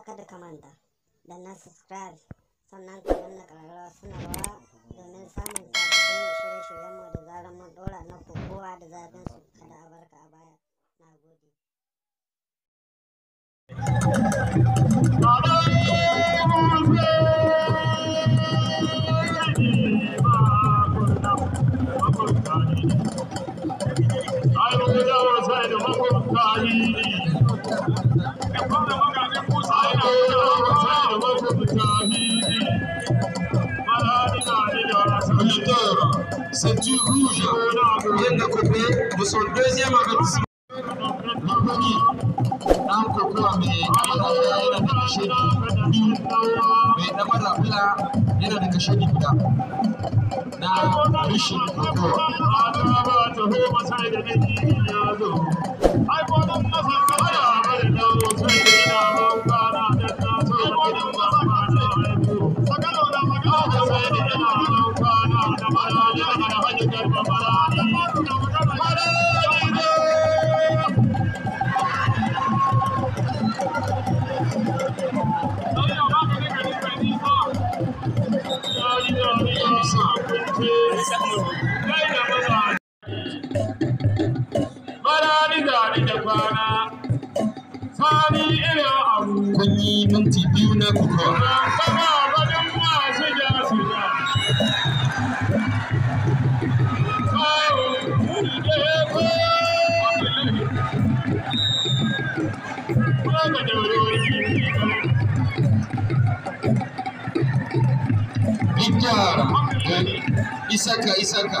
kuma kada ka manta da na subscribe sannan ka danna ƙararrawa sanarwa domin samun sababbin shirye-shiryenmu da zarar mun ɗora na kowa da zafin su kada a barka a baya na gode Thank you. c'est du rouge. Bien de côté de son deuxième avertissement. yana da kashe guda na rashin kokowa. kwana sani ina abu kun yi minti biyu na kuka Isaka, Isaka.